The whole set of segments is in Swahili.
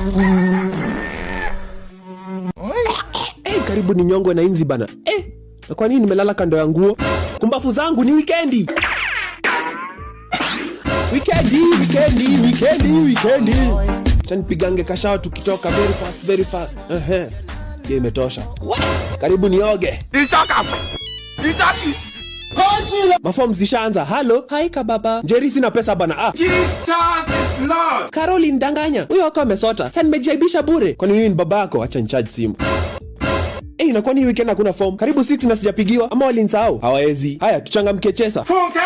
Hey, eh, eh, karibu ni nyongo na inzi bana. Hey, eh, na kwa nini nimelala kando ya nguo? Kumbafu zangu ni wikendi. Wikendi, wikendi, wikendi, wikendi. Chanipigange kashawa tukitoka very fast, very fast. Ehe. Uh Hiyo imetosha. Karibu nioge. Nishoka. Nitaki. Mafomu zishaanza. Halo, haika baba. Njeri sina pesa bana. Ah. Jesus. Karoli ndanganya, huyo wako amesota. Sasa nimejiaibisha bure. Kwani mimi ni yako? Acha nicharge simu. Eh, hey, inakuwa ni weekend hakuna form. Karibu 6 na sijapigiwa ama walinisahau? Hawaezi. Haya, tuchangamkie Chesa. Funka!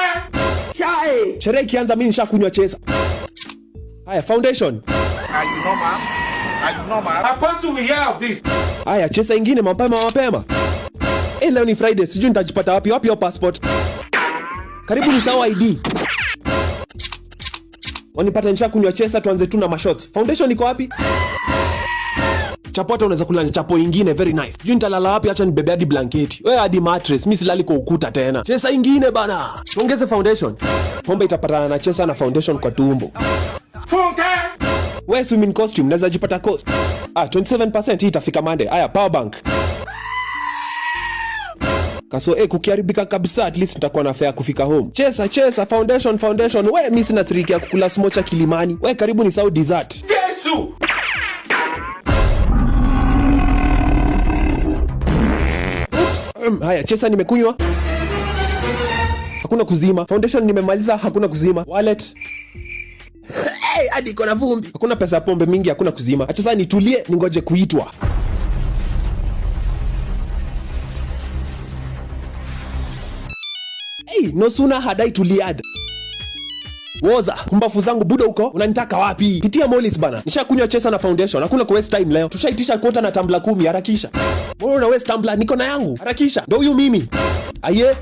Chai. Sherehe ikianza mimi nishakunywa Chesa. Haya, foundation. Are you normal? Are you normal? How do we hear of this? Haya, Chesa ingine mapema mapema. Eh, hey, leo ni Friday, sijui nitajipata wapi wapi hiyo passport. Karibu nisahau ID wanipata nisha kunywa chesa, tuanze tu na mashots. Foundation iko wapi? Chapo hata unaweza kulanja chapo ingine very nice. Juu nitalala wapi? Acha nibebe hadi blanketi. Wewe hadi mattress, mimi silali kwa ukuta tena. Chesa ingine bana. Tuongeze foundation. Pombe itapatana na chesa na foundation kwa tumbo. Funke! Wewe swimming costume naweza jipata cost. Ah, 27% hii itafika Monday. Aya, power bank kaso eh, kukiharibika kabisa at least nitakuwa na fare kufika home chesa chesa foundation foundation we mi sina triki ya kukula smocha kilimani we karibu ni sau dessert Yesu Um, haya chesa nimekunywa hakuna kuzima foundation nimemaliza hakuna kuzima wallet hadi hey, iko na vumbi hakuna pesa ya pombe mingi hakuna kuzima acha sasa nitulie ningoje kuitwa Hey, no sooner had I to lead. Woza, kumbafu zangu buda huko, unanitaka wapi? Pitia molis bana. Nishakunywa Chesa na Foundation, hakuna ku waste time leo. Tushaitisha kota na tambla kumi, harakisha. Wewe una waste tambla? niko na yangu. Harakisha. Ndio huyu mimi. Aye,